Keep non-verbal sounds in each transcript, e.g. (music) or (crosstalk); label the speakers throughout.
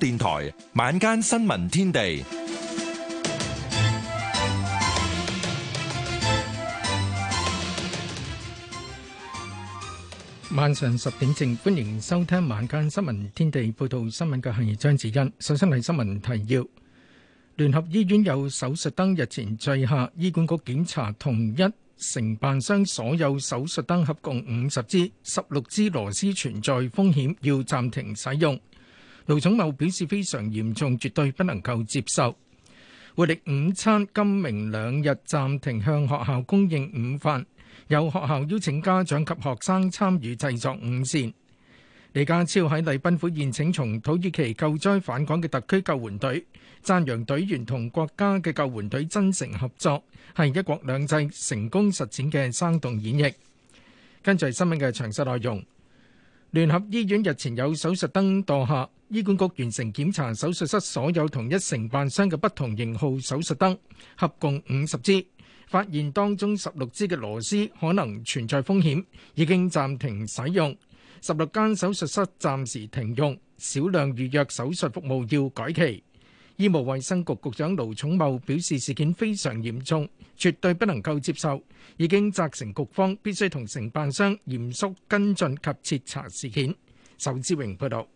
Speaker 1: 電台晚
Speaker 2: 間新聞天地，晚上十點正，歡迎收聽晚間新聞天地，報道新聞嘅係張子欣。首先係新聞提要：聯合醫院有手術燈日前墜下，醫管局檢查同一承辦商所有手術燈，合共五十支，十六支螺絲存在風險，要暫停使用。盧寵茂表示非常嚴重，絕對不能夠接受。活力午餐今明兩日暫停向學校供應午飯，有學校邀請家長及學生參與製作午膳。李家超喺禮賓府宴請從土耳其救災返港嘅特區救援隊，讚揚隊員同國家嘅救援隊真誠合作，係一國兩制成功實踐嘅生動演繹。跟住係新聞嘅詳細內容，聯合醫院日前有手術燈墮下。醫管局完成檢查，手術室所有同一承辦商嘅不同型號手術燈，合共五十支，發現當中十六支嘅螺絲可能存在風險，已經暫停使用。十六間手術室暫時停用，少量預約手術服務要改期。醫務衛生局局長盧寵茂表示，事件非常嚴重，絕對不能夠接受，已經責成局方必須同承辦商嚴肅跟進及徹查事件。仇志榮報導。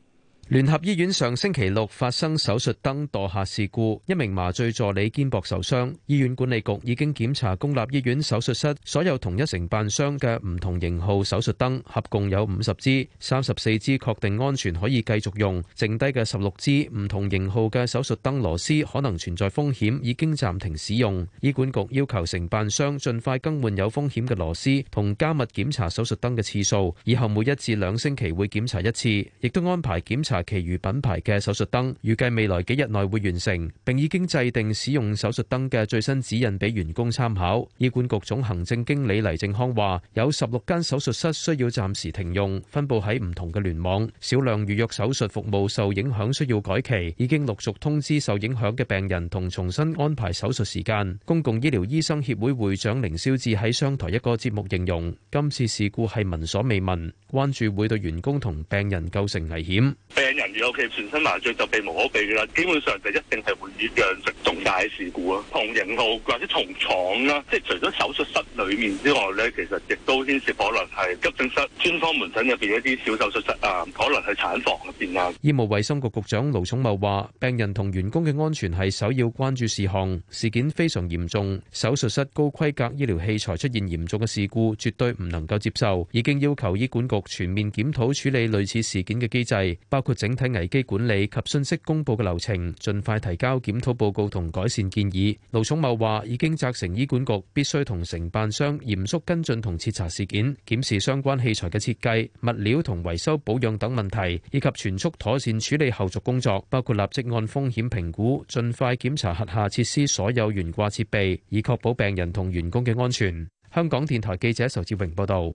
Speaker 3: 聯合醫院上星期六發生手術燈墮下事故，一名麻醉助理肩膊受傷。醫院管理局已經檢查公立醫院手術室所有同一承辦商嘅唔同型號手術燈，合共有五十支，三十四支確定安全可以繼續用，剩低嘅十六支唔同型號嘅手術燈螺絲可能存在風險，已經暫停使用。醫管局要求承辦商盡快更換有風險嘅螺絲，同加密檢查手術燈嘅次數，以後每一至兩星期會檢查一次，亦都安排檢查。其餘品牌嘅手術燈，預計未來幾日內會完成，並已經制定使用手術燈嘅最新指引俾員工參考。醫管局總行政經理黎正康話，有十六間手術室需要暫時停用，分布喺唔同嘅聯網，少量預約手術服務受影響，需要改期。已經陸續通知受影響嘅病人同重新安排手術時間。公共醫療醫生協會會長凌霄智喺商台一個節目形容，今次事故係聞所未聞，關注會對員工同病人構成危險。
Speaker 1: 病人如果係全身麻醉就避無可避噶啦，基本上就一定係會以釀成重大事故啊！同型號或者同廠啦，即係除咗手術室裏面之外咧，其實亦都牽涉可能係急症室、專科門診入邊一啲小手術室啊，可能係產
Speaker 3: 房入邊啊。醫務衛生局局長盧寵茂話：病人同員工嘅安全係首要關注事項，事件非常嚴重，手術室高規格醫療器材出現嚴重嘅事故，絕對唔能夠接受，已經要求醫管局全面檢討處理類似事件嘅機制，包括。整體危機管理及信息公布嘅流程，盡快提交檢討報告同改善建議。盧寵茂話：已經責成醫管局必須同承辦商嚴肅跟進同徹查事件，檢視相關器材嘅設計、物料同維修保養等問題，以及全速妥善處理後續工作，包括立即按風險評估，盡快檢查核下設施所有懸掛設備，以確保病人同員工嘅安全。香港電台記者仇志榮報道。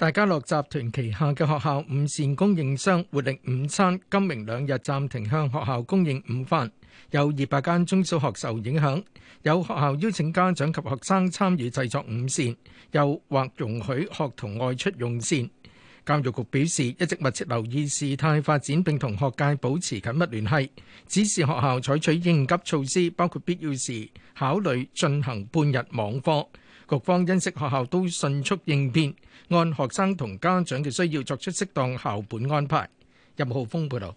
Speaker 2: 大家樂集團旗下嘅學校午膳供應商活力午餐今明兩日暫停向學校供應午飯，有二百間中小學受影響。有學校邀請家長及學生參與製作午膳，又或容許學童外出用膳。教育局表示一直密切留意事態發展，並同學界保持緊密聯繫，指示學校採取應急措施，包括必要時考慮進行半日網課。各方因應學校都迅速應變，按學生同家長嘅需要作
Speaker 4: 出適當校本安排。任浩峰報道。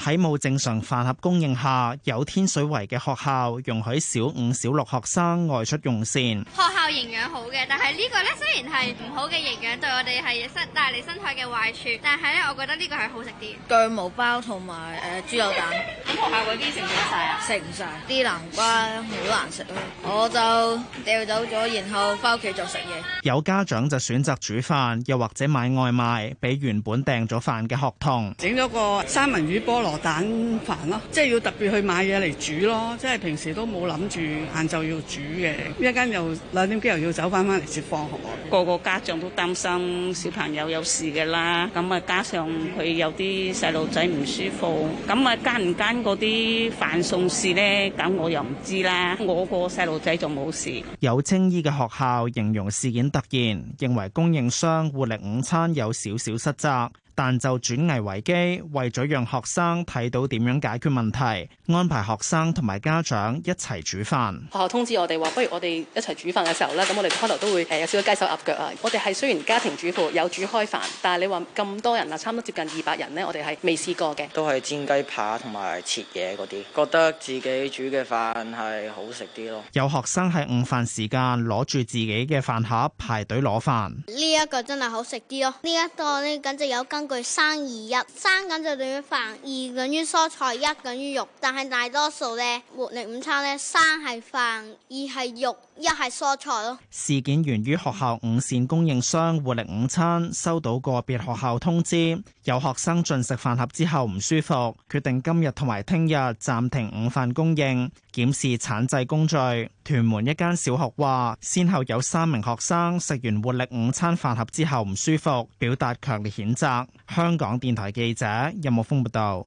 Speaker 4: 喺冇正常飯盒供應下，有天水圍嘅學校容許小五、小六學生外出用膳。
Speaker 5: 學校營養好嘅，但係呢個咧雖然係唔好嘅營養，對我哋係身帶嚟身體嘅壞處，但係咧我覺得呢個係好食啲。醬毛包同埋誒豬油蛋，咁 (laughs) 學校嗰啲食唔晒啊？食唔晒啲南瓜好難食咯。我就掉走咗，然後返屋企做食嘢。
Speaker 4: 有家長就選擇煮飯，又或者買外賣，俾原本訂咗飯嘅學童
Speaker 6: 整咗個三文魚菠蘿荷蛋飯咯，即係要特別去買嘢嚟煮咯，即係平時都冇諗住晏晝要煮嘅。一間又兩點幾又要走翻翻嚟接放學，
Speaker 7: 個個家長都擔心小朋友有事嘅啦。咁啊，加上佢有啲細路仔唔舒服，咁啊，間唔間嗰啲飯餸事呢，咁我又唔知啦。我個細路仔就冇事。
Speaker 4: 有青衣嘅學校形容事件突然，認為供應商活力午餐有少少失責。但就轉危為機，為咗讓學生睇到點樣解決問題，安排學生同埋家長一齊煮飯。
Speaker 8: 學校通知我哋話，不如我哋一齊煮飯嘅時候呢，咁我哋開頭都會誒有少少雞手鴨腳啊。我哋係雖然家庭主婦有煮開飯，但係你話咁多人啊，差唔多接近二百人呢，我哋係未試過嘅。都係煎雞扒同埋切嘢嗰啲，覺得自己煮嘅飯係好食啲咯。
Speaker 4: 有學生喺午飯時間攞住自己嘅飯盒排隊攞飯。
Speaker 5: 呢一個真係好食啲咯，呢一個呢，簡
Speaker 9: 直有羹。句三二一，三就等於飯，二等於蔬菜，一等於肉。但係大多數咧，活力午餐咧，三係飯，二係肉。一係蔬
Speaker 4: 菜咯。事件源於學校午膳供應商活力午餐收到個別學校通知，有學生進食飯盒之後唔舒服，決定今日同埋聽日暫停午飯供應，檢視產製工序。屯門一間小學話，先後有三名學生食完活力午餐飯盒之後唔舒服，表達強烈譴責。香港電台記者任木峰報道。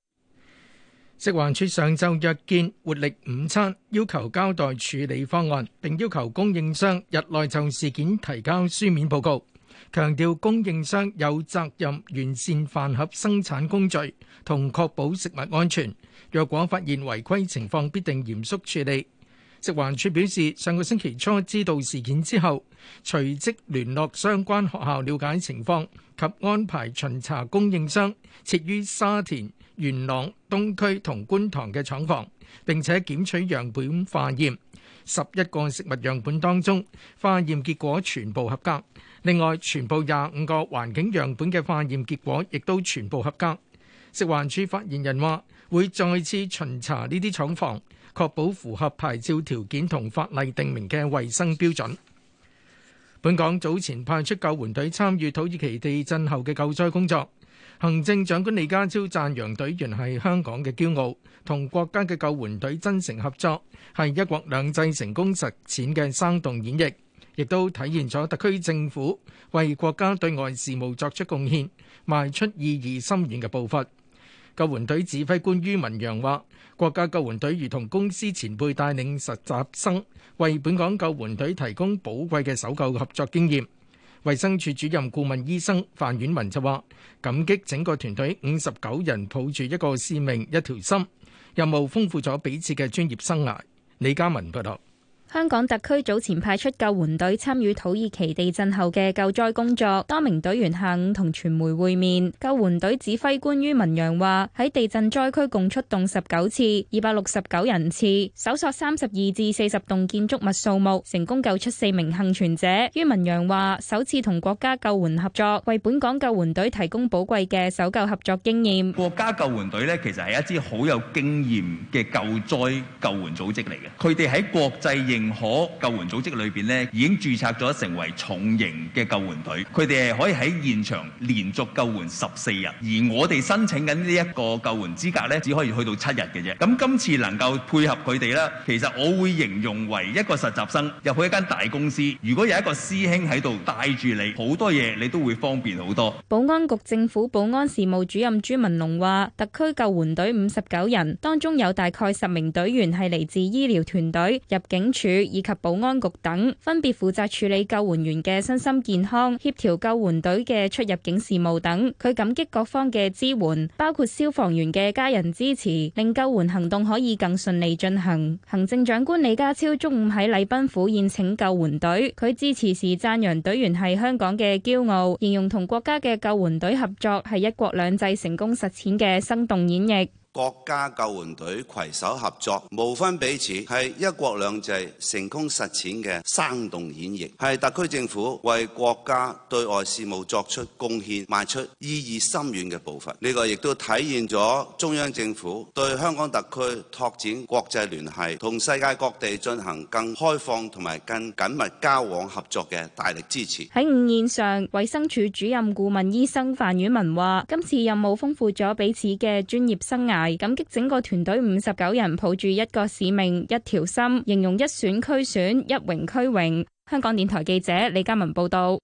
Speaker 4: 食環署上晝
Speaker 2: 約見活力午餐，要求交代處理方案，並要求供應商日內就事件提交書面報告，強調供應商有責任完善飯盒生產工序同確保食物安全。若果發現違規情況，必定嚴肅處理。食環署表示，上個星期初知道事件之後，隨即聯絡相關學校了解情況及安排巡查供應商，設於沙田。元朗、東區同觀塘嘅廠房，並且檢取樣本化驗，十一個食物樣本當中化驗結果全部合格。另外，全部廿五個環境樣本嘅化驗結果亦都全部合格。食環署發言人話：會再次巡查呢啲廠房，確保符合牌照條件同法例訂明嘅衛生標準。本港早前派出救援隊參與土耳其地震後嘅救災工作。行政長官李家超讚揚隊員係香港嘅驕傲，同國家嘅救援隊真誠合作，係一國兩制成功實踐嘅生動演繹，亦都體現咗特區政府為國家對外事務作出貢獻，邁出意義深遠嘅步伐。救援隊指揮官於文陽話：國家救援隊如同公司前輩帶領實習生，為本港救援隊提供寶貴嘅搜救合作經驗。衛生署主任顧問醫生范婉文就話：感激整個團隊五十九人抱住一個使命、一條心，任務豐富咗彼此嘅專業生涯。李嘉文報道。
Speaker 5: 香港特區早前派出救援隊參與土耳其地震後嘅救災工作，多名隊員下午同傳媒會面。救援隊指揮官于文陽話：喺地震災區共出動十九次，二百六十九人次，搜索三十二至四十棟建築物數目，成功救出四名幸存者。于文陽話：首次同國家救援合作，為本港救援隊提供寶貴嘅搜救合作經驗。國家
Speaker 1: 救援隊咧，其實係一支好有經驗嘅救災救援組織嚟嘅，佢哋喺國際認可救援組織裏邊呢，已經註冊咗成為重型嘅救援隊，佢哋係可以喺現場連續救援十四日，而我哋申請緊呢一個救援資格呢，只可以去到七日嘅啫。咁今次能夠配合佢哋呢，其實我會形容為一個實習生入去一間大公司，如果有一個師兄喺度帶住你，好多嘢你都會方便好多。
Speaker 5: 保安局政府保安事務主任朱文龍話，特區救援隊五十九人，當中有大概十名隊員係嚟自醫療團隊、入境處。以及保安局等分別負責處理救援員嘅身心健康、協調救援隊嘅出入境事務等。佢感激各方嘅支援，包括消防員嘅家人支持，令救援行動可以更順利進行。行政長官李家超中午喺禮賓府宴請救援隊，佢致辭時讚揚隊員係香港嘅驕傲，形容同國家嘅救援隊合作係一國兩制成功實踐嘅生動演繹。
Speaker 4: 國家救援隊攜手合作，無分彼此，係一國兩制成功實踐嘅生動演繹，係特區政府為國家對外事務作出貢獻、邁出意義深遠嘅步伐。呢個亦都體現咗中央政府對香港特區拓展國際聯繫、同世界各地進行更開放同埋更緊密交往合作嘅大力支持。
Speaker 5: 喺午宴上，衞生署主任顧問醫生范宇文話：今次任務豐富咗彼此嘅專業生涯。感激整個團隊五十九人抱住一個使命一條心，形容，一選俱選，一榮俱榮。香港電台記者李嘉文報道。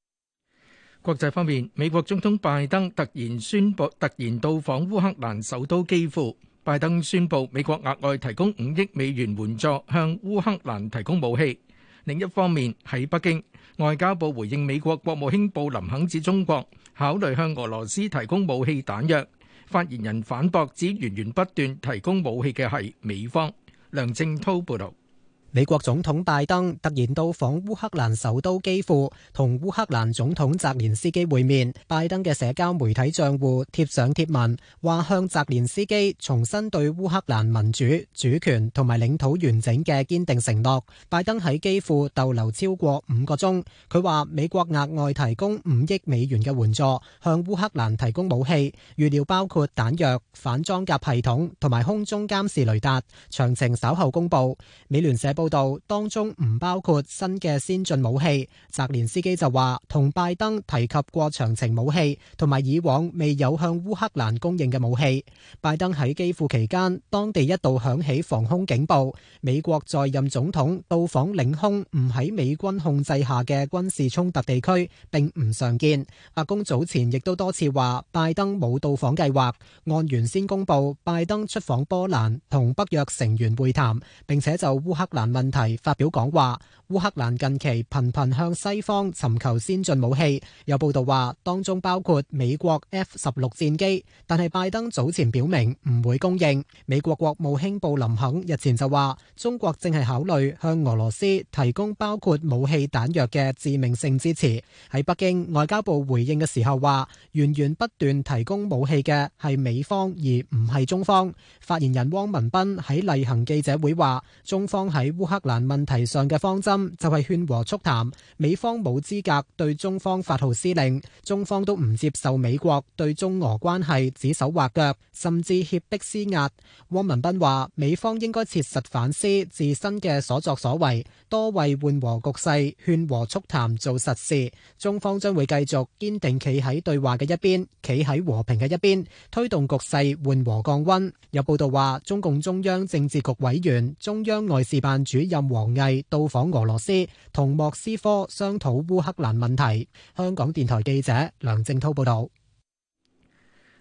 Speaker 2: 國際方面，美國總統拜登突然宣布突然到訪烏克蘭首都基輔。拜登宣布美國額外提供五億美元援助，向烏克蘭提供武器。另一方面喺北京，外交部回應美國國務卿布林肯指中國考慮向俄羅斯提供武器彈藥。發言人反駁，指源源不斷提供武器嘅係美
Speaker 10: 方。梁正濤報導。美國總統拜登突然到訪烏克蘭首都基輔，同烏克蘭總統澤連斯基會面。拜登嘅社交媒體賬戶貼上貼文，話向澤連斯基重申對烏克蘭民主、主權同埋領土完整嘅堅定承諾。拜登喺基輔逗留超過五個鐘，佢話美國額外提供五億美元嘅援助，向烏克蘭提供武器，預料包括彈藥、反裝甲系統同埋空中監視雷達。詳情稍後公布。美聯社報。報道當中唔包括新嘅先進武器。澤連斯基就話同拜登提及過長程武器同埋以往未有向烏克蘭供應嘅武器。拜登喺基輔期間，當地一度響起防空警報。美國在任總統到訪領空，唔喺美軍控制下嘅軍事衝突地區，並唔常見。阿公早前亦都多次話拜登冇到訪計劃。按原先公布，拜登出訪波蘭同北約成員會談，並且就烏克蘭問題發表講話，烏克蘭近期頻頻向西方尋求先進武器，有報道話當中包括美國 F 十六戰機，但係拜登早前表明唔會供應。美國國務卿布林肯日前就話，中國正係考慮向俄羅斯提供包括武器彈藥嘅致命性支持。喺北京外交部回應嘅時候話，源源不斷提供武器嘅係美方，而唔係中方。發言人汪文斌喺例行記者會話，中方喺烏克蘭問題上嘅方針就係勸和促談，美方冇資格對中方發號施令，中方都唔接受美國對中俄關係指手畫腳，甚至脅迫施壓，汪文斌話：美方應該切實反思自身嘅所作所為，多為緩和局勢、勸和促談做實事。中方將會繼續堅定企喺對話嘅一邊，企喺和平嘅一邊，推動局勢緩和降溫。有報道話，中共中央政治局委員、中央外事辦主任王毅到訪俄羅斯，同莫斯科商討烏克蘭問題。香港電台記者梁正濤報道。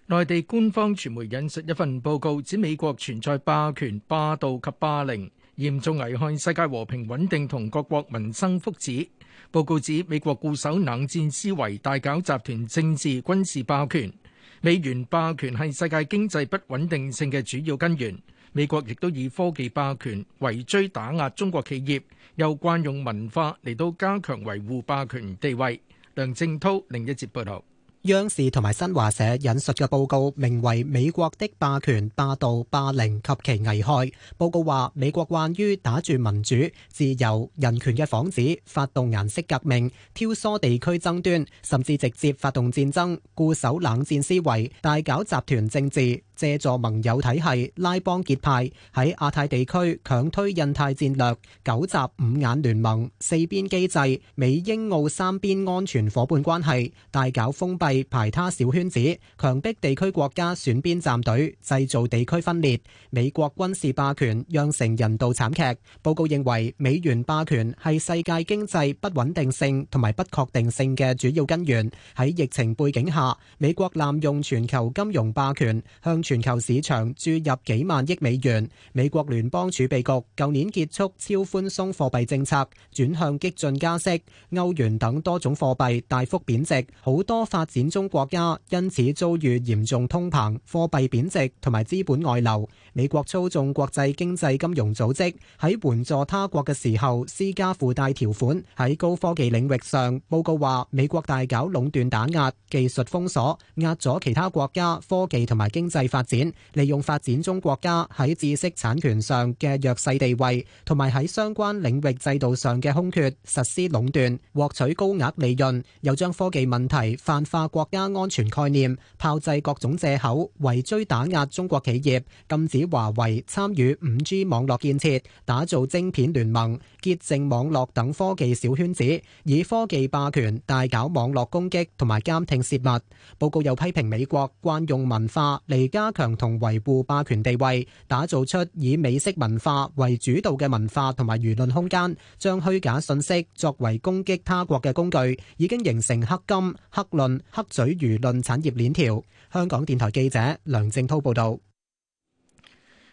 Speaker 2: 內地官方傳媒引述一份報告，指美國存在霸權、霸道及霸凌，嚴重危害世界和平穩定同各國民生福祉。報告指美國固守冷戰思維，大搞集團政治、軍事霸權。美元霸權係世界經濟不穩定性嘅主要根源。美國亦都以科技霸權圍追打壓中國企業，又慣用文化嚟到加強維護霸權地位。梁正滔另一節報導。
Speaker 10: 央視同埋新華社引述嘅報告，名為《美國的霸權、霸道、霸凌及其危害》。報告話，美國慣於打住民主、自由、人權嘅幌子，發動顏色革命，挑唆地區爭端，甚至直接發動戰爭，固守冷戰思維，大搞集團政治。借助盟友體系拉幫結派，喺亞太地區強推印太戰略，九集五眼聯盟、四邊機制、美英澳三邊安全夥伴關係，大搞封閉排他小圈子，強迫地區國家選邊站隊，製造地區分裂。美國軍事霸權釀成人道慘劇。報告認為美元霸權係世界經濟不穩定性同埋不確定性嘅主要根源。喺疫情背景下，美國濫用全球金融霸權向全球市場注入幾萬億美元，美國聯邦儲備局舊年結束超寬鬆貨幣政策，轉向激進加息，歐元等多種貨幣大幅貶值，好多發展中國家因此遭遇嚴重通膨、貨幣貶值同埋資本外流。美國操縱國際經濟金融組織喺援助他國嘅時候施加附帶條款。喺高科技領域上，報告話美國大搞壟斷打壓、技術封鎖，壓咗其他國家科技同埋經濟發展利用發展中國家喺知識產權上嘅弱勢地位，同埋喺相關領域制度上嘅空缺，實施壟斷，獲取高額利潤；又將科技問題泛化國家安全概念，炮製各種借口，圍追打壓中國企業，禁止華為參與五 G 網絡建設，打造晶片聯盟、潔淨網絡等科技小圈子，以科技霸權大搞網絡攻擊同埋監聽洩密。報告又批評美國慣用文化離家。加強同維護霸權地位，打造出以美式文化為主導嘅文化同埋輿論空間，將虛假信息作為攻擊他國嘅工具，已經形成黑金、黑論、黑嘴輿論產業鏈條。香港電台記者梁正濤報道。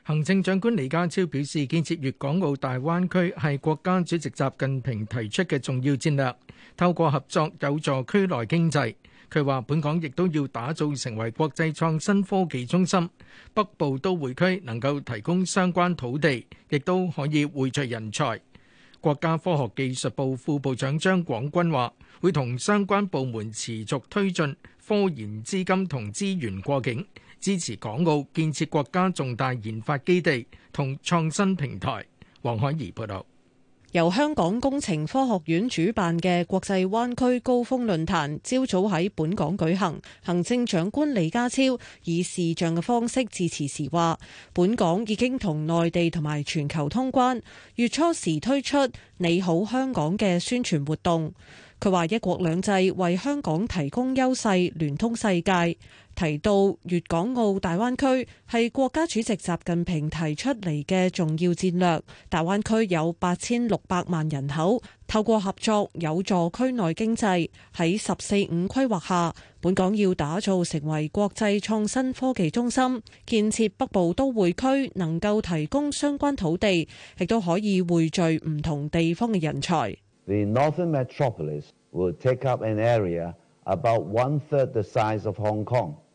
Speaker 2: 行政長官李家超表示，建設粵港澳大灣區係國家主席習近平提出嘅重要戰略，透過合作有助區內經濟。佢話：本港亦都要打造成為國際創新科技中心，北部都會區能夠提供相關土地，亦都可以匯聚人才。國家科學技術部副部長張廣軍話：會同相關部門持續推進科研資金同資源過境，支持港澳建設國家重大研發基地同創新平台。黃海怡報道。
Speaker 8: 由香港工程科學院主辦嘅國際灣區高峰論壇朝早喺本港舉行，行政長官李家超以視像嘅方式致辭時話：本港已經同內地同埋全球通關，月初時推出“你好香港”嘅宣傳活動。佢話一國兩制為香港提供優勢，聯通世界。提到粵港澳大灣區係國家主席習近平提出嚟嘅重要戰略，大灣區有八千六百萬人口，透過合作有助區內經濟。喺十四五規劃下，本港要打造成為國際創新科技中心，建設北部都會區，能夠提供相關土地，亦都可以匯聚唔同地方嘅人才。
Speaker 4: The Northern Metropolis will take up an area about one third the size of Hong Kong.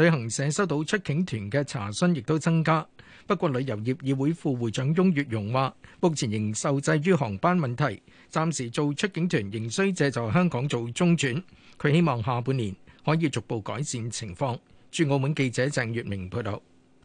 Speaker 2: 旅行社收到出境團嘅查詢，亦都增加。不過旅遊業議會副會長翁月容話，目前仍受制於航班問題，暫時做出境團仍需藉助香港做中轉，佢希望下半年可以逐步改善情況。駐澳門記者鄭月明報道。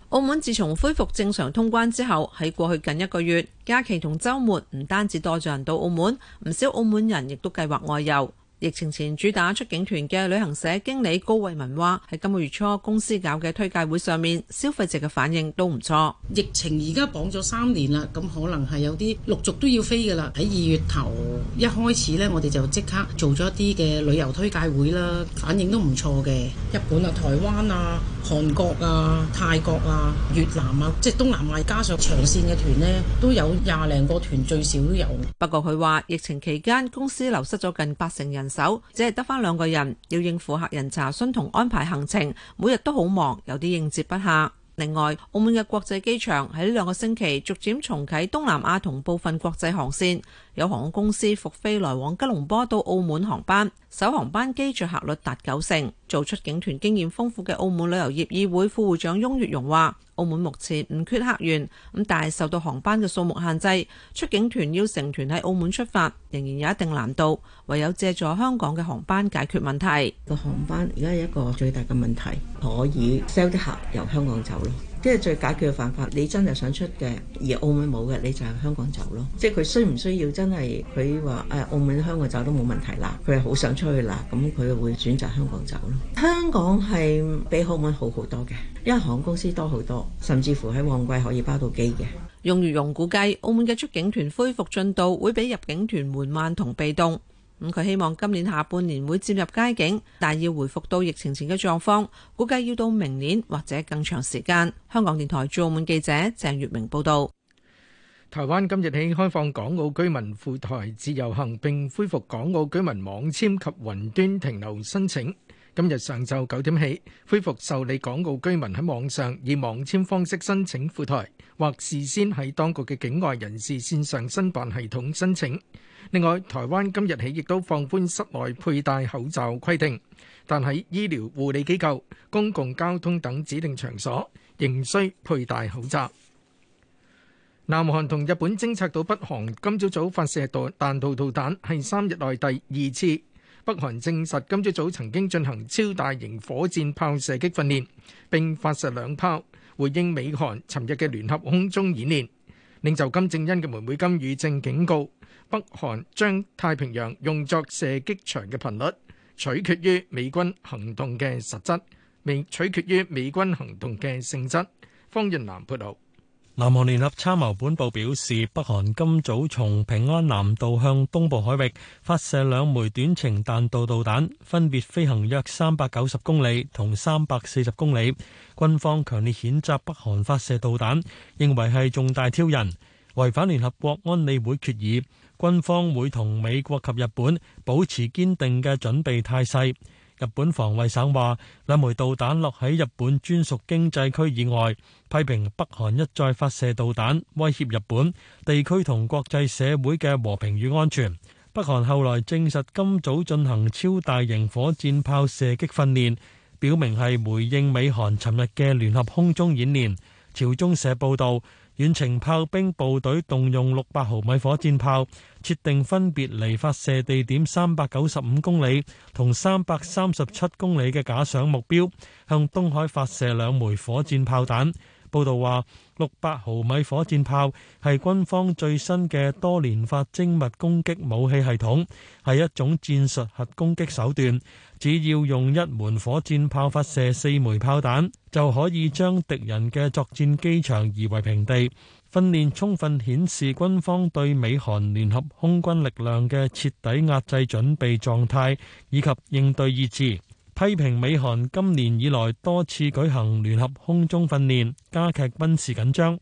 Speaker 6: 澳門自從恢復正常通關之後，喺過去近一個月，假期同週末唔單止多咗人到澳門，唔少澳門人亦都計劃外遊。疫情前主打出境團嘅旅行社經理高慧文話：喺今個月初公司搞嘅推介會上面，消費者嘅反應都唔錯。疫情而家綁咗三年啦，咁可能係有啲陸續都要飛噶啦。喺二月頭一開始呢，我哋就即刻做咗一啲嘅旅遊推介會啦，反應都唔錯嘅。日本啊、台灣啊、韓國啊、泰國啊、越南啊，即係東南亞，加上長線嘅團呢，都有廿零個團最少都有。不過佢話，疫情期間公司流失咗近八成人。人手只係得翻兩個人，要應付客人查詢同安排行程，每日都好忙，有啲應接不暇，另外，澳門嘅國際機場喺呢兩個星期逐漸重啟東南亞同部分國際航線，有航空公司復飛來往吉隆坡到澳門航班。首航班機載客率達九成。做出境團經驗豐富嘅澳門旅遊業議會副會長翁月容話。澳門目前唔缺客源，咁但係受到航班嘅數目限制，出境團要成團喺澳門出發，仍然有一定難度，唯有借助香港嘅航班解決問題。個航班而家係一個最大嘅問題，可以 sell 啲客由香港走咯。即係最解決嘅辦法。你真係想出嘅，而澳門冇嘅，你就係香港走咯。即係佢需唔需要真係佢話誒澳門香港走都冇問題啦？佢係好想出去啦，咁佢就會選擇香港走咯。香港係比澳門好好多嘅，因為航空公司多好多，甚至乎喺旺季可以包到機嘅。用餘容估計，澳門嘅出境團恢復進度會比入境團緩慢同被動。咁佢希望今年下半年會漸入佳境，但要回復到疫情前嘅狀況，估計要到明年或者更長時間。香港電台駐澳門記者鄭月明報道。
Speaker 2: 台灣今日起開放港澳居民赴台自由行，並恢復港澳居民網簽及雲端停留申請。今日上晝九點起，恢復受理港澳居民喺網上以網簽方式申請赴台。或事先喺當局嘅境外人士線上申辦系統申請。另外，台灣今日起亦都放寬室內佩戴口罩規定，但喺醫療護理機構、公共交通等指定場所仍需佩戴口罩。南韓同日本偵察到北韓今朝早發射彈道導彈，係三日內第二次。北韓證實今朝早曾經進行超大型火箭炮射擊訓練，並發射兩炮。回應美韓尋日嘅聯合空中演練，領袖金正恩嘅妹妹金宇正警告，北韓將太平洋用作射擊場嘅頻率取決於美軍行動嘅實質，取決於美軍行動嘅性質。方潤南報導。
Speaker 1: 南韓聯合參謀本部表示，北韓今早從平安南道向東部海域發射兩枚短程彈道導彈，分別飛行約三百九十公里同三百四十公里。軍方強烈譴責北韓發射導彈，認為係重大挑釁，違反聯合國安理會決議。軍方會同美國及日本保持堅定嘅準備態勢。日本防衛省話兩枚導彈落喺日本專屬經濟區以外，批評北韓一再發射導彈，威脅日本地區同國際社會嘅和平與安全。北韓後來證實今早進行超大型火箭炮射擊訓練，表明係回應美韓尋日嘅聯合空中演練。朝中社報道。遠程炮兵部隊動用六百毫米火箭炮，設定分別離發射地點三百九十五公里同三百三十七公里嘅假想目標，向東海發射兩枚火箭炮彈。報道話，六百毫米火箭炮係軍方最新嘅多連發精密攻擊武器系統，係一種戰術核攻擊手段。只要用一門火箭炮發射四枚炮彈，就可以將敵人嘅作戰機場夷為平地。訓練充分顯示軍方對美韓聯合空軍力量嘅徹底壓制準備狀態，以及應對意志。批評美韓今年以來多次舉行聯合空中訓練，加劇軍事緊張。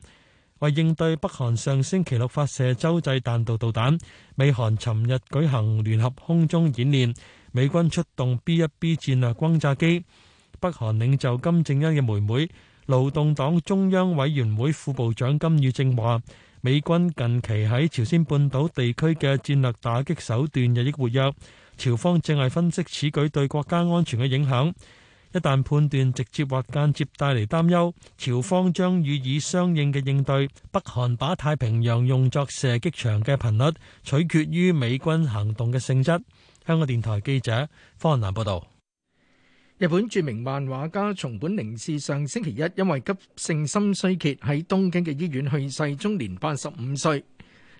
Speaker 1: 為應對北韓上星期六發射洲際彈道導彈，美韓尋日舉行聯合空中演練。美軍出動 B-1B 戰略轟炸機，北韓領袖金正恩嘅妹妹、勞動黨中央委員會副部長金與正話：美軍近期喺朝鮮半島地區嘅戰略打擊手段日益活躍，朝方正係分析此舉對國家安全嘅影響。一旦判斷直接或間接帶嚟擔憂，朝方將予以相應嘅應對。北韓把太平洋用作射擊場嘅頻率取決於美軍行動嘅性質。香港電台記者方文瀾報道：
Speaker 2: 日本著名漫畫家松本零士上星期一因為急性心衰竭喺東京嘅醫院去世，終年八十五歲。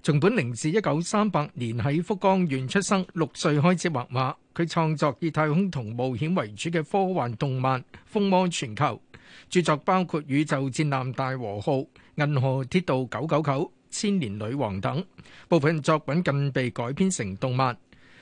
Speaker 2: 松本零士一九三八年喺福岡縣出生，六歲開始畫畫。佢創作以太空同冒險為主嘅科幻動漫，風靡全球。著作包括《宇宙戰艦大和號》《銀河鐵道九九九》《千年女王》等，部分作品更被改編成動漫。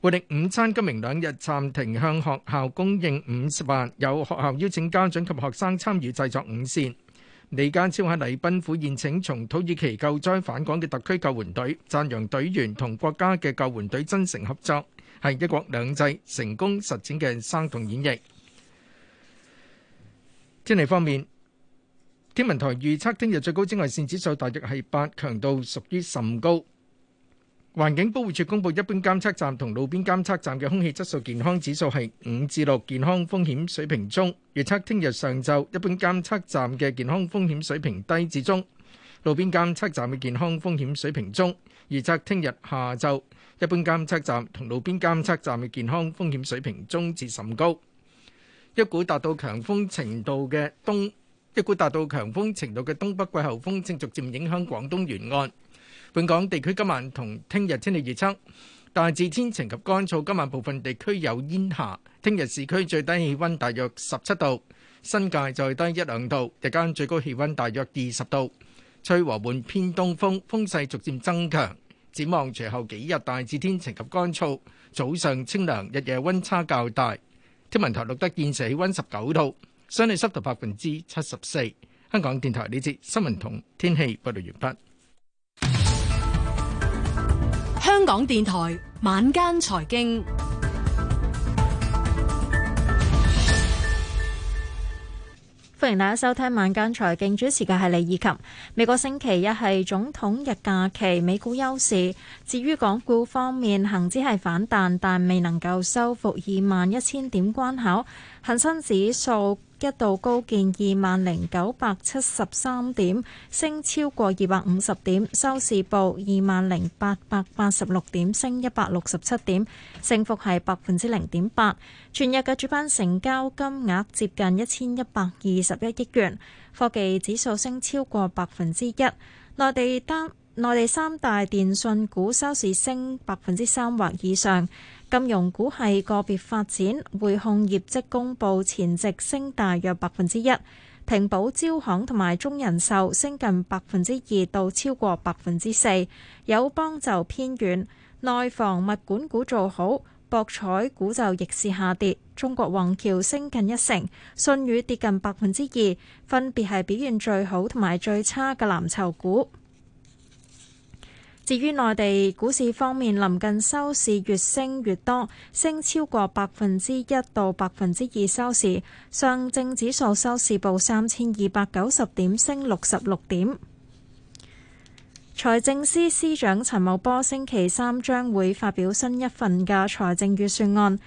Speaker 2: 活力午餐今明兩日暫停向學校供應午餐，有學校邀請家長及學生參與製作午膳。李家超喺禮賓府宴請從土耳其救災返港嘅特區救援隊，讚揚隊員同國家嘅救援隊真誠合作，係一國兩制成功實踐嘅生動演繹。天氣方面，天文台預測聽日最高紫外線指數大約係八，強度屬於甚高。環境保護署公布，一般監測站同路邊監測站嘅空氣質素健康指數係五至六，健康風險水平中。預測聽日上晝，一般監測站嘅健康風險水平低至中；路邊監測站嘅健康風險水平中。預測聽日下晝，一般監測站同路邊監測站嘅健康風險水平中至甚高。一股達到強風程度嘅東，一股達到強風程度嘅東北季候風正逐漸影響廣東沿岸。本港地區今晚同聽日天氣預測大致天晴及乾燥。今晚部分地區有煙霞。聽日市區最低氣溫大約十七度，新界再低一兩度。日間最高氣溫大約二十度，吹和緩偏東風，風勢逐漸增強。展望隨後幾日大致天晴及乾燥，早上清涼，日夜溫差較大。天文台錄得現時氣溫十九度，相對濕度百分之七十四。香港電台呢節新聞同天氣報道完畢。
Speaker 8: 港電台晚間
Speaker 11: 財經，歡迎大家收聽晚間財經，主持嘅係李以琴。美國星期一係總統日假期，美股休市。至於港股方面，恒指係反彈，但未能夠收復二萬一千點關口，恒生指數。一度高見二萬零九百七十三點，升超過二百五十點，收市報二萬零八百八十六點，升一百六十七點，升幅係百分之零點八。全日嘅主板成交金額接近一千一百二十一億元，科技指數升超過百分之一。內地單，內地三大電訊股收市升百分之三或以上。金融股係個別發展，匯控業績公佈前值升大約百分之一，平保、招行同埋中人壽升近百分之二到超過百分之四，友邦就偏遠，內房物管股做好，博彩股就逆市下跌。中國宏橋升近一成，信義跌近百分之二，分別係表現最好同埋最差嘅藍籌股。至於內地股市方面，臨近收市，越升越多，升超過百分之一到百分之二收市。上證指數收市報三千二百九十點，升六十六點。財政司司長陳茂波星期三將會發表新一份嘅財政預算案。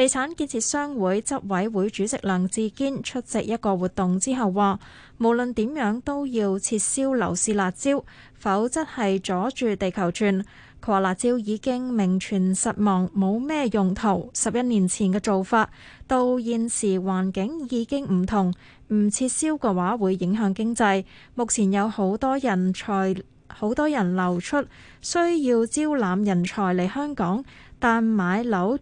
Speaker 11: 地產建設商會執委會主席梁志堅出席一個活動之後話，無論點樣都要撤銷樓市辣招，否則係阻住地球轉。佢話辣招已經名存實亡，冇咩用途。十一年前嘅做法，到現時環境已經唔同，唔撤銷嘅話會影響經濟。目前有好多人才，好多人流出，需要招攬人才嚟香港，但買樓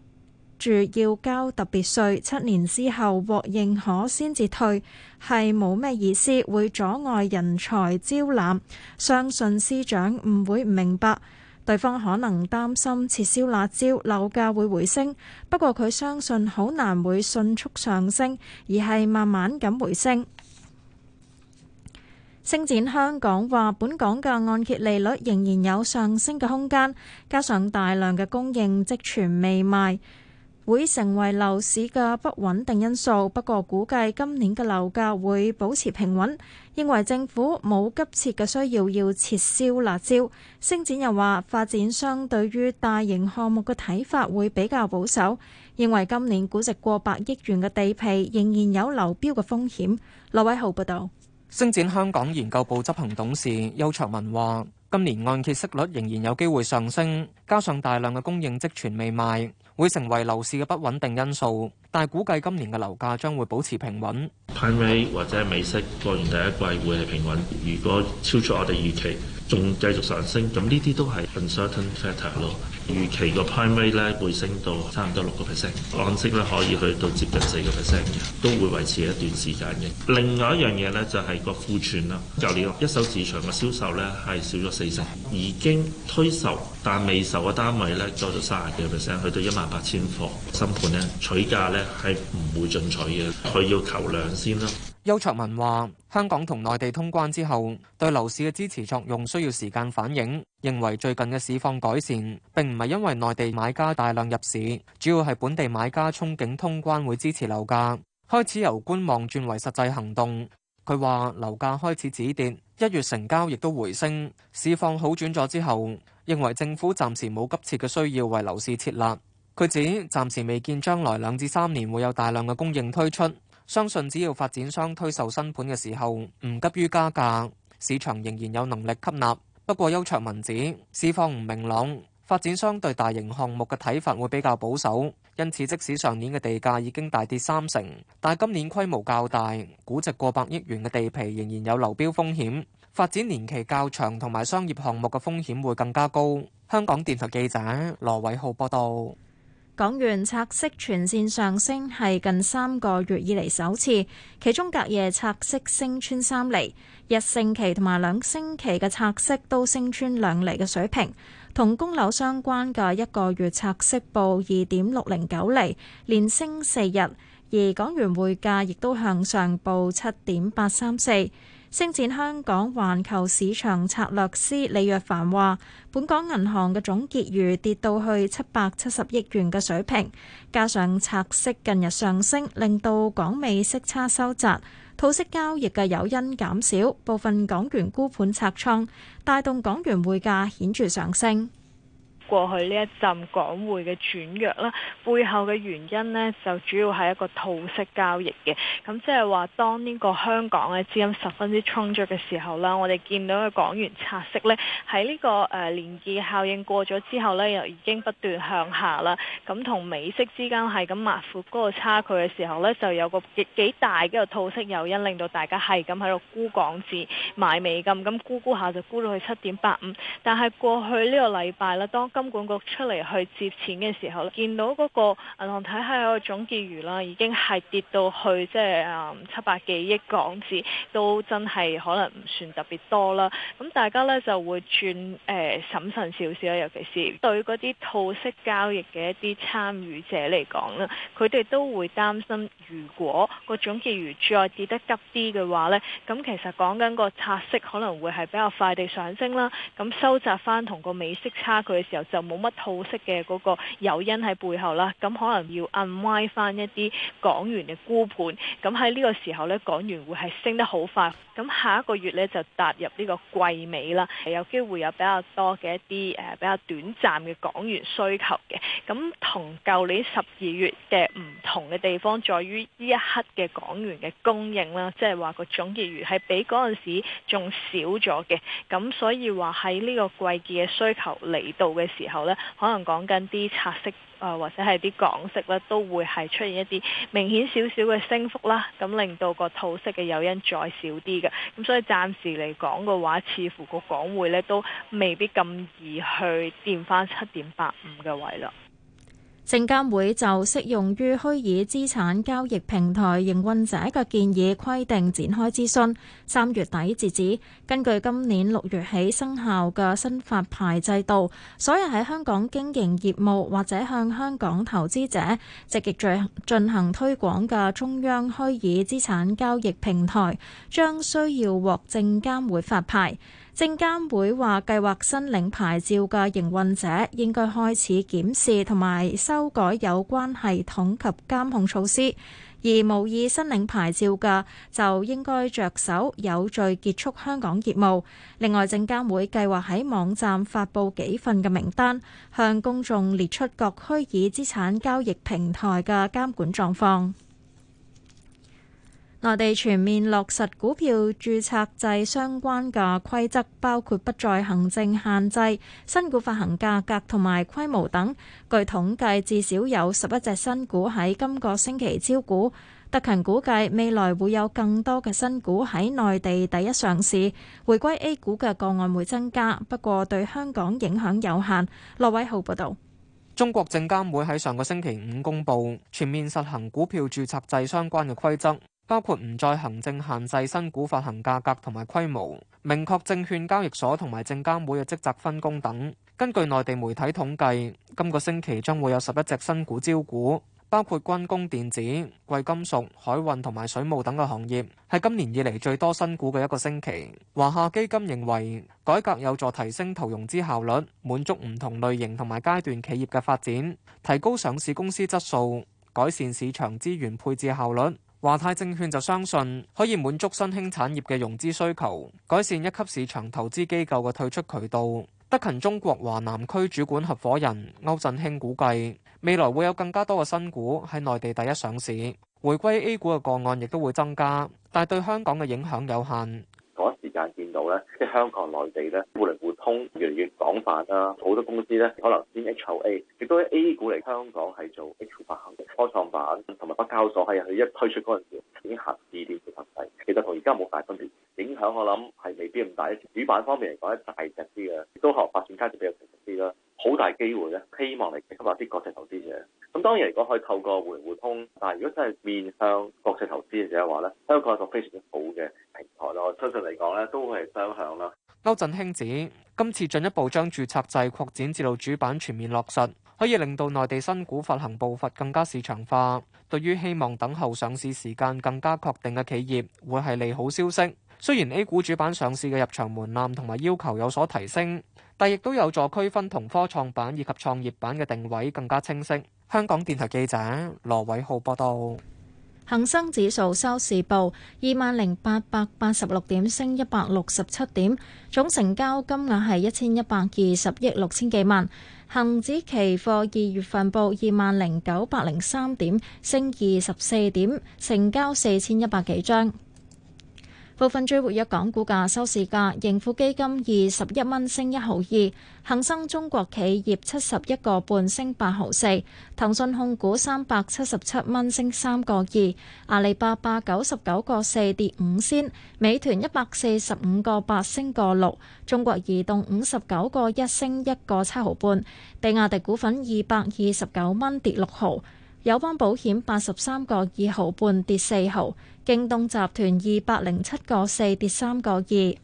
Speaker 11: 住要交特別稅，七年之後獲認可先至退，係冇咩意思，會阻礙人才招攬。相信司長唔會唔明白，對方可能擔心撤銷辣招，樓價會回升。不過佢相信好難會迅速上升，而係慢慢咁回升。星展香港話：本港嘅按揭利率仍然有上升嘅空間，加上大量嘅供應積存未賣。會成為樓市嘅不穩定因素，不過估計今年嘅樓價會保持平穩。認為政府冇急切嘅需要要撤銷辣招。星展又話，發展商對於大型項目嘅睇法會比較保守，認為今年估值過百億元嘅地皮仍然有流標嘅風險。劉偉豪報道。
Speaker 9: 星展香港研究部執行董事邱卓文話：今年按揭息率仍然有機會上升，加上大量嘅供應積存未賣，會成為樓市嘅不穩定因素。但估計今年嘅樓價將會保持平穩。
Speaker 1: 派尾或者美息過完第一季會係平穩，如果超出我哋預期，仲繼續上升，咁呢啲都係 uncertain factor 咯。預期個 prime rate 咧會升到差唔多六個 percent，按息咧可以去到接近四個 percent，嘅，都會維持一段時間嘅。另外一樣嘢咧就係個庫存啦。舊年一手市場嘅銷售咧係少咗四成，已經推售但未售嘅單位咧多咗卅幾個 percent，去到一萬八千個貨。新盤咧取價咧係唔會進取嘅，佢要求量
Speaker 9: 先啦。邱卓文話，香港同內地通關之後，對樓市嘅支持作用需要時間反映。認為最近嘅市況改善並唔係因為內地買家大量入市，主要係本地買家憧憬通關會支持樓價開始由觀望轉為實際行動。佢話樓價開始止跌，一月成交亦都回升，市況好轉咗之後，認為政府暫時冇急切嘅需要為樓市設立。佢指暫時未見將來兩至三年會有大量嘅供應推出。相信只要發展商推售新盤嘅時候，唔急於加價，市場仍然有能力吸納。不過邱卓文指，市況唔明朗，發展商對大型項目嘅睇法會比較保守。因此，即使上年嘅地價已經大跌三成，但今年規模較大、估值過百億元嘅地皮仍然有流標風險。發展年期較長同埋商業項目嘅風險會更加高。香港電台記者羅偉浩報道。
Speaker 11: 港元拆息全線上升，係近三個月以嚟首次，其中隔夜拆息升穿三厘，一星期同埋兩星期嘅拆息都升穿兩厘嘅水平。同供樓相關嘅一個月拆息報二點六零九厘，連升四日，而港元匯價亦都向上報七點八三四。星展香港環球市場策略師李若凡話，本港銀行嘅總結餘跌到去七百七十億元嘅水平，加上拆息近日上升，令到港美息差收窄，套息交易嘅誘因減少，部分港元沽盤拆倉，帶動港元匯價顯著上升。
Speaker 7: 過去呢一陣港匯嘅轉弱啦，背後嘅原因呢，就主要係一個套息交易嘅。咁即係話當呢個香港嘅資金十分之充足嘅時候啦，我哋見到嘅港元拆息呢，喺呢個誒年結效應過咗之後呢，又已經不斷向下啦。咁同美息之間係咁抹闊嗰個差距嘅時候呢，就有個幾幾大嘅套息誘因，令到大家係咁喺度沽港紙買美金，咁沽沽下就沽到去七點八五。但係過去呢個禮拜啦，當金管局出嚟去接錢嘅時候，見到嗰個銀行體系個總結餘啦，已經係跌到去即係誒七百幾億港紙，都真係可能唔算特別多啦。咁大家咧就會轉誒審慎少少啦，尤其是對嗰啲套息交易嘅一啲參與者嚟講啦，佢哋都會擔心，如果個總結餘再跌得急啲嘅話咧，咁其實講緊個拆息可能會係比較快地上升啦，咁收窄翻同個美息差距嘅時候。就冇乜套息嘅嗰個誘因喺背後啦，咁可能要 unwind 翻一啲港元嘅沽盤，咁喺呢個時候咧，港元會係升得好快，咁下一個月咧就踏入呢個季尾啦，係有機會有比較多嘅一啲誒、呃、比較短暫嘅港元需求嘅，咁同舊年十二月嘅唔同嘅地方，在於呢一刻嘅港元嘅供應啦，即係話個總結餘係比嗰陣時仲少咗嘅，咁所以話喺呢個季節嘅需求嚟到嘅時候咧，可能講緊啲拆息，啊、呃，或者係啲港息，咧，都會係出現一啲明顯少少嘅升幅啦，咁令到個套息嘅誘因再少啲嘅，咁、嗯、所以暫時嚟講嘅話，似乎個港匯呢都未必咁易去掂翻七點八五嘅位啦。
Speaker 11: 證監會就適用於虛擬資產交易平台營運者嘅建議規定展開諮詢，三月底截止。根據今年六月起生效嘅新發牌制度，所有喺香港經營業務或者向香港投資者積極進行推廣嘅中央虛擬資產交易平台，將需要獲證監會發牌。證監會話，計劃申領牌照嘅營運者應該開始檢視同埋修改有關系統及監控措施，而無意申領牌照嘅就應該着手有序結束香港業務。另外，證監會計劃喺網站發佈幾份嘅名單，向公眾列出各虛擬資產交易平台嘅監管狀況。內地全面落實股票註冊制相關嘅規則，包括不再行政限制新股發行價格同埋規模等。據統計，至少有十一隻新股喺今個星期招股。特勤估計未來會有更多嘅新股喺內地第一上市，回歸 A 股嘅個案會增加，不過對香港影響有限。羅偉浩報導。
Speaker 9: 中國證監會喺上個星期五公佈全面實行股票註冊制相關嘅規則，包括唔再行政限制新股發行價格同埋規模，明確證券交易所同埋證監會嘅職責分工等。根據內地媒體統計，今個星期將會有十一隻新股招股，包括軍工、電子、貴金屬、海運同埋水務等嘅行業，係今年以嚟最多新股嘅一個星期。華夏基金認為，改革有助提升投融資效率，滿足唔同類型同埋階段企業嘅發展，提高上市公司質素，改善市場資源配置效率。華泰證券就相信可以滿足新興產業嘅融資需求，改善一級市場投資機構嘅退出渠道。德勤中國華南區主管合伙人歐振興估計，未來會有更加多嘅新股喺內地第一上市，回歸 A 股嘅個案亦都會增加，但係對香港嘅影響有限。
Speaker 1: 到咧，即係香港內地咧，互聯互通越嚟越廣泛啦、啊。好多公司咧，可能先 H 後 A，亦都喺 A 股嚟香港係做 H 股發行科創板同埋北交所。係佢一推出嗰陣時，已經嚇跌跌唔停滯，其實同而家冇大分別。影響我諗係未必咁大。主板方面嚟講咧，大隻啲嘅，亦都學發展階段比較成熟啲啦，好大機會咧。希望嚟吸引啲國際投資者。咁當然如果可以透過互聯互通。但係如果真係面向國際投資嘅話咧，香港係一個非常之好嘅，平台咯，通常嚟
Speaker 9: 講咧都係雙向啦。歐振興指，今次進一步將註冊制擴展至到主板全面落實，可以令到內地新股發行步伐更加市場化。對於希望等候上市時間更加確定嘅企業，會係利好消息。雖然 A 股主板上市嘅入場門檻同埋要求有所提升，但亦都有助區分同科創板以及創業板嘅定位更加清晰。香港電台記者羅偉浩報道。
Speaker 11: 恒生指數收市報二萬零八百八十六點，升一百六十七點，總成交金額係一千一百二十億六千幾萬。恒指期貨二月份報二萬零九百零三點，升二十四點，成交四千一百幾張。部分追活躍港股價收市價，盈富基金二十一蚊升一毫二，恒生中國企業七十一個半升八毫四，騰訊控股三百七十七蚊升三個二，阿里巴巴九十九個四跌五仙，美團一百四十五個八升個六，中國移動五十九個一升一個七毫半，比亞迪股份二百二十九蚊跌六毫，友邦保險八十三個二毫半跌四毫。京東集團二百零七個四跌三個二。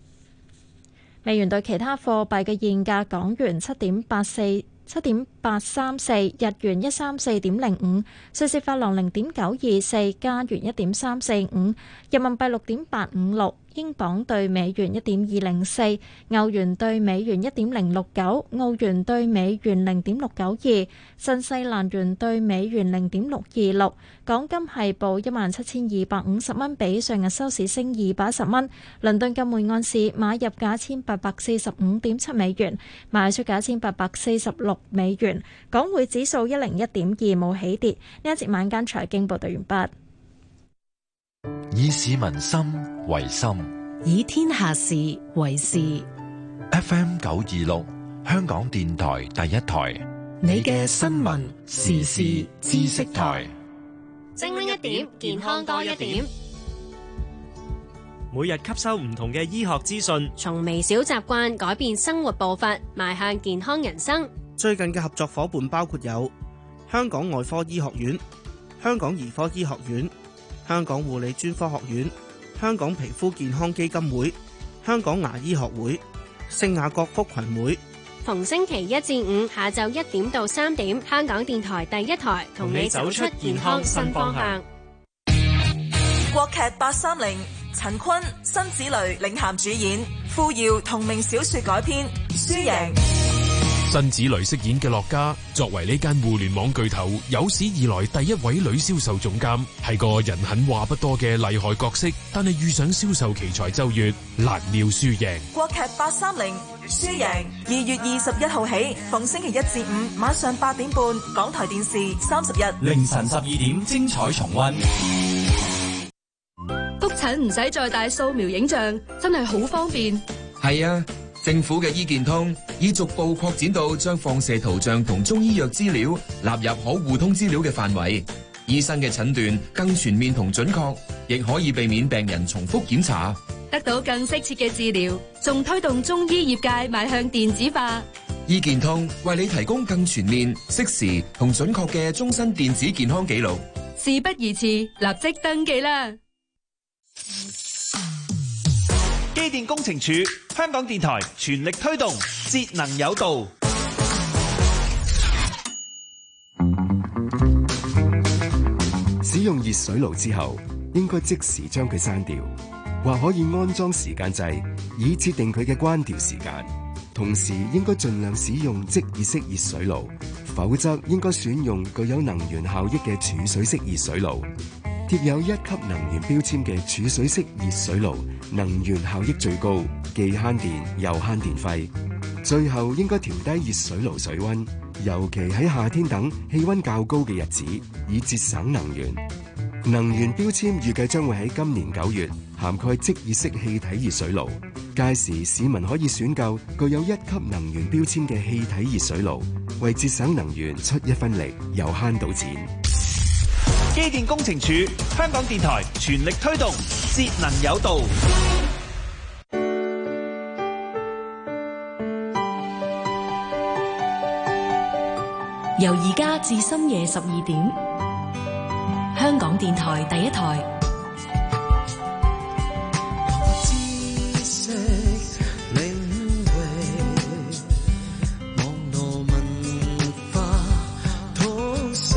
Speaker 11: 美元兌其他貨幣嘅現價：港元七點八四，七點八三四；日元一三四點零五；瑞士法郎零點九二四；加元一點三四五；人民幣六點八五六。英鎊兌美元一點二零四，歐元兌美元一點零六九，澳元兌美元零點六九二，新西蘭元兌美元零點六二六。港金係報一萬七千二百五十蚊，比上日收市升二百一十蚊。倫敦金每安士買入價一千八百四十五點七美元，賣出價一千八百四十六美元。港匯指數一零一點二，冇起跌。呢一節晚間財經報道完畢。
Speaker 2: 以市民心為心，
Speaker 11: 以天下事為事。
Speaker 2: F.M.
Speaker 1: 九二六，香港電台第一台，
Speaker 2: 你嘅新聞時事知識台，精靈一點，健康多一點。一點
Speaker 9: 每日吸收唔同嘅醫學資訊，從微小習慣改變生活步伐，邁向健康人生。
Speaker 4: 最近嘅合作伙伴包括有香港外科醫學院、香港兒科醫學院。香港護理專科學院、香港皮膚健康基金會、香港牙醫學會、聖雅各福群會。
Speaker 11: 逢星期一至五下晝一點到三點，香港電台第一台同你走出健康新方向。方向國劇八三
Speaker 8: 零，陳坤、辛芷蕾領銜主演，傅瑤同名小說改編，
Speaker 7: 輸贏。
Speaker 3: 辛芷蕾飾演嘅駱伽，作為呢間互聯網巨頭有史以來第一位女銷售總監，係個人狠話不多嘅厲害角色，但係遇上銷售奇才周月，難料輸贏。
Speaker 8: 國劇八三零輸贏，二月二十一號起，逢星期一至五晚上八點半，港台電視三十日凌晨十二點，精彩重
Speaker 1: 溫。
Speaker 8: 復診唔使再帶掃描影像，真係好方便。
Speaker 9: 係啊。政府嘅醫健通已逐步擴展到將放射圖像同中醫藥資料納入可互通資料嘅範圍，醫生嘅診斷更全面同準確，亦可以避免病人重複檢查，
Speaker 6: 得到更適切嘅治療。仲推動中醫業界邁向電子化，
Speaker 9: 醫健通為你提供更全面、適時同準確嘅
Speaker 4: 終身電子健康紀錄。
Speaker 6: 事不宜遲，立即登記啦！
Speaker 4: 機電工程署，香港電台全力推動節能有道。
Speaker 2: 使用熱水爐之後，應該即時將佢刪掉，或可以安裝時間掣，以設定佢嘅關掉時間。同時，應該盡量使用即熱式熱水爐，否則應該選用具有能源效益嘅儲水式熱水爐。貼有一級能源標籤嘅儲水式熱水爐，能源效益最高，既慳電又慳電費。最後應該調低熱水爐水溫，尤其喺夏天等氣溫較高嘅日子，以節省能源。能源標籤預計將會喺今年九月涵蓋即熱式氣體熱水爐，屆時市民可以選購具有一級能源標籤嘅氣體熱水爐，爲節省能源出一分力，又慳
Speaker 4: 到錢。機電工程署，香港電台全力推動節能有道。
Speaker 7: 由而家至深夜十二點，香港電台第一台。